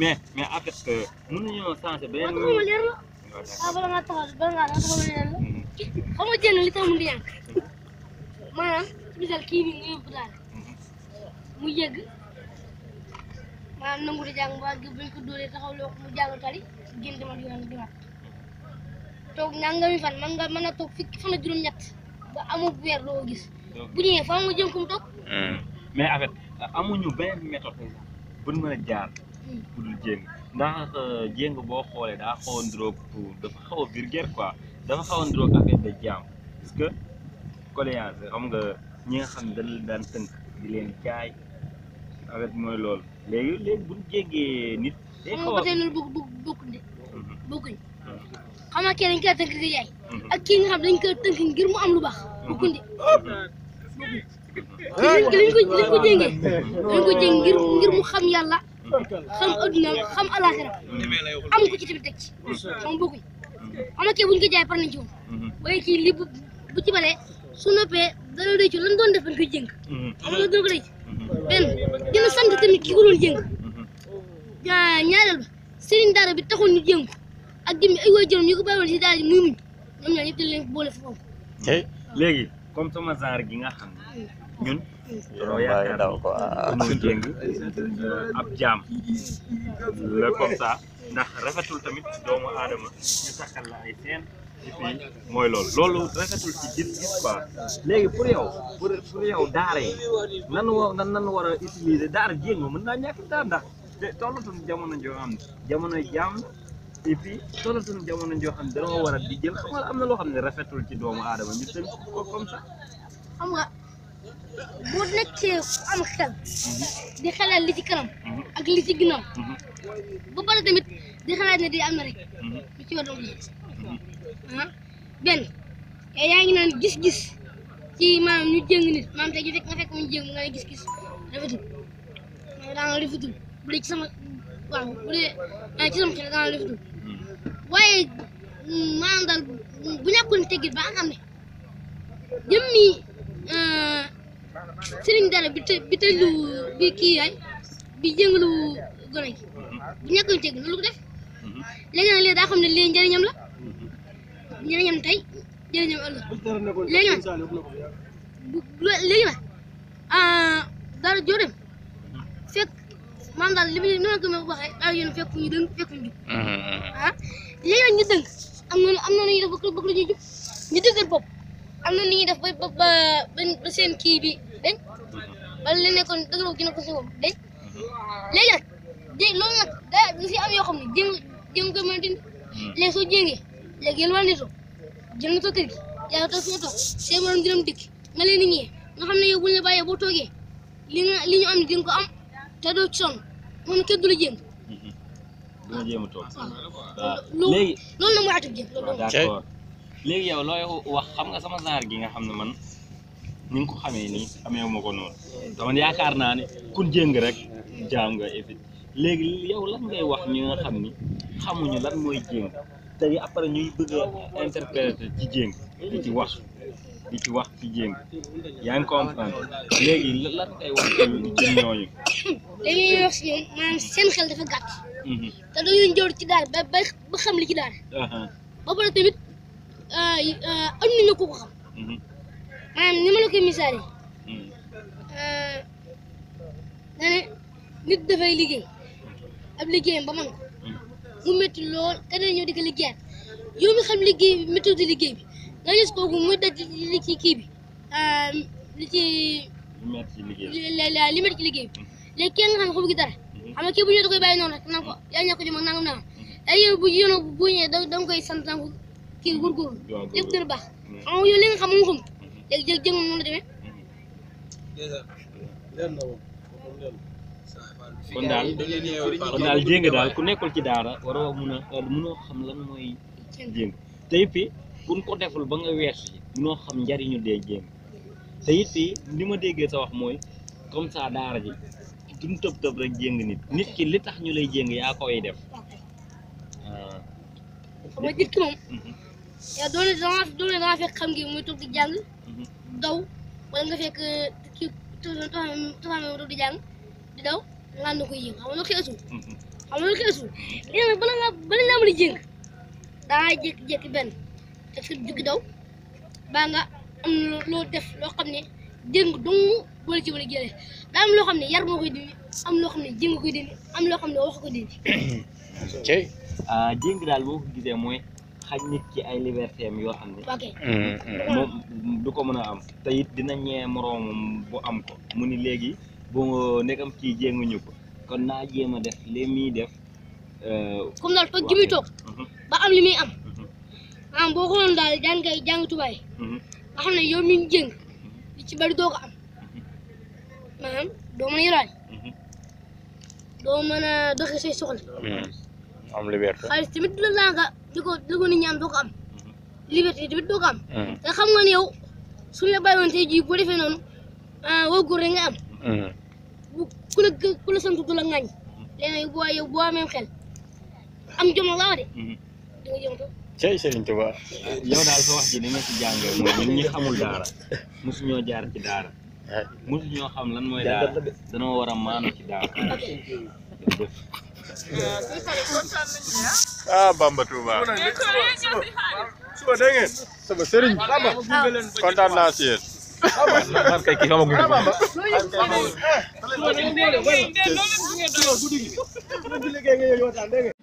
mais mais en fait mën nañoo changé beneen. waaw taxawu leer la. waaw bala maa taxaw bala ngaa taxawu leer la. xam nga jënd mu di yàq maanaam misaal kii nii nga yóbbu daal mm-hmm. mu yëgg maanaam nangu di jàng ba gi buñ ko dóoree fan man a toog fukki fan ak juróom-ñett ba amoo weer loo gis bu ñëwee fan nga jëm ko mu toog mm. mais en fait amuñu benn méthode bu ñu mën a jaar ku dul jéng ndax boo xoolee daa xaw a ndróog dafa xaw a vulgaire quoi dafa xaw a ndróog affaire jaam parce que colléage xam nga ñi nga xam ne dañ leen daan tënk di leen jaay affaire mooy loolu léegi léegi bu ñu nit. day xaw a xam nga lu baax bokkuñ de. li ñu ko li ñu ko ko jéng ngir ngir mu xam yàlla. xam adduna xam alaxira am ko ci tamit teg ci moom bokku ci xam nga kii buñ jaay par nañ ci woon waaye kii li bu ci balee su noppee dana doy ci lan doon def dañ jëng xam nga doo ko doy benn dina sant tamit ki ko jëng ñaareel ba sëriñ daara bi taxoon ñu jëng ak jëmmi ay waajuram ñu ko bàyyi woon si daara ji muy ñaar ñëpp leen boole foofu léegi comme sama genre gi nga xam ñun loolu yaakaar naa ne jéng ab jaam la comme ça ndax rafetul tamit doomu aadama ñu takkal la ay seen et mooy lool loolu rafetul ci gis léegi pour yow pour pour yow daara yi nan wa nan war a utiliser daara jéng mën naa ñàkk daara ndax tollatuñ jamono joo xam jamono jaam et puis jamono joo xam ne dañoo war a di jël xam nga am na loo xam ne rafetul ci doomu aadama ñu tënk ko comme ça boo nekk ci am xel di xalaat li ci kanam ak li ci ginnaaw ba pare tamit di xalaat ne di am na ci war a ah benn yaa ngi naan gis-gis ci maanaam ñu jéng nit maanaam tey nga fekk mu jéng nga ne gis-gis rafetul maanaam daanaka rafetul bu dee ci sama waaw bu dee ah, ci sama xel daanaka rafetul waaye maanaam daal bu ñàkkul teggit ba xam ne jëmmi. Ah, sëriñ dara bi të bi tëjlu bi kii yaay bi jëngalu gone gi bu ñàkk lu ko def mhm. léegi nag léegi daa xam ne lii njëriñam la mhm. njëriñam tey njëriñam ëllëg léegi nag léegi nag ah, dara jóoreem mhm. fekk maanaam daal li ma ko waxee daal fekk ñu dëng fekk ñu jub ah léegi ñu dëng am na am na lu ñuy def ba bëgg lu ñuy jub ñu dëggal bopp am na lu ñuy ba ba seen kii bi wala li nekkoon dëgg la dina ko si moom dañ mm-hmm. léegi nag jéeg loolu nag daa du si am yoo xam ne jéem ko mën a dindi mm-hmm. soo jéegee léegi yéen waa nito jël nga xam ne yow buñ la bàyyee boo toogee li nga li ñu am di nga ko am te doo ci sonn moom kenn du la jéem mm-hmm. dina jéem a toog waaw ah, ah. ah. léegi loolu nag wax xam nga sama genre gi nga xam ne man ñu ngi ko xamee ni xamee wu ma ko noonu dama yaakaar naa ne kun jëng rek jaam nga et léegi yow lan ngay wax ñi nga xam ni xamuñu lan mooy jëng tey après ñuy bëgg a interpréter ci jëng di ci wax di ci wax ci jëng yaa ngi comprendre léegi lan ngay wax ci ñooñu. dañuy wax si seen xel dafa gàtt. Mhm. te dañuy njëriñ ci daal ba xam li ci daal. Uh-huh. ba pare tamit euh, euh, am nañu ko ko xam. Mhm. maanaam ni ma la koy misaale hmm. euh, dane nit dafay liggéey ab liggéeyam ba man ko hmm. mu métti lool keneen ñëw di ko liggéeyaat yow mi xam liggéey bi métti di liggéey bi nga gis kooku muy daj li ci kii bi euh, li ci li métti ci liggéey bi hmm. léegi kenn nga xam ne xamu gi dara xam nga kii bu ñëw da koy bàyyi noonu rek naan ko yaa ñàkk jëm ak nangam nangam ay yow bu yénoo bu ñëwee da nga koy sant naan ko kii góorgóorlu lépp dina baax xam nga yow li nga xam moom xam jég jég jég moom noonu kon daal kon daal jéng daal ku nekkul ci daara waroo mun a euh, munoo xam lan mooy jéng te it fii bu ba nga weesu ci munoo xam njariñu dee jéng te li ma déggee sa wax mooy comme ça daara ji duñ tëb tëb rek jéng nit nit ki li tax ñu lay jéng yaa koy def. Ah. xam nga nit mm-hmm. fekk xam ngi muy toog di jàng. daw wala nga fekk kii tufaam moom di jàng di daw nga ànd ko yéeg xam nga loolu xeesul xam nga loolu xeesul léegi bala nga bala nga mën a benn te fi baa nga am loo def loo xam ne jéng dong boole ci wala jëlee daa am loo xam ne yar moo koy dindi am loo xam ne jéng koy dindi am loo xam ne wax ko dindi. cey ah, daal boo ko gisee mooy xañ nit ki ay liberté yoo xam ne mm-hmm. moom du ko mën a am te dina ñee moroomam bu am ko mu ni léegi bu nekkam kii jéemuñu ko kon naa jéem a def li muy def euh, comme daal toog gi muy toog mm-hmm. ba am li muy am maanaam mm-hmm. ah, boo xooloon daal jàng jàng tubaay mi ngi jéng li ci bari doo ko am doo mën a yoraay doo mën a doxe say soxla am liberté xaalis tamit la langa di ko di ko am mm-hmm. liberté tamit am mm-hmm. te xam nga ne yow suñu la bàyyiwoon tey jii boo defee noonu ah, woo góor rek nga am mm-hmm. ku la ku la sant du la ŋaañ léegi boo yow boo amee xel am jom la de di nga jom toog cey Serigne Touba yow wax ji ni nga ci jàng mooy ñun xamul daara mosuñoo jaar ci xam lan mooy daara danoo war a ci daara ah Bamba Touba. ba dégg ngeen. suba sëriñ naa si yéen. man kay kii xamaguñ ko. xamaguñ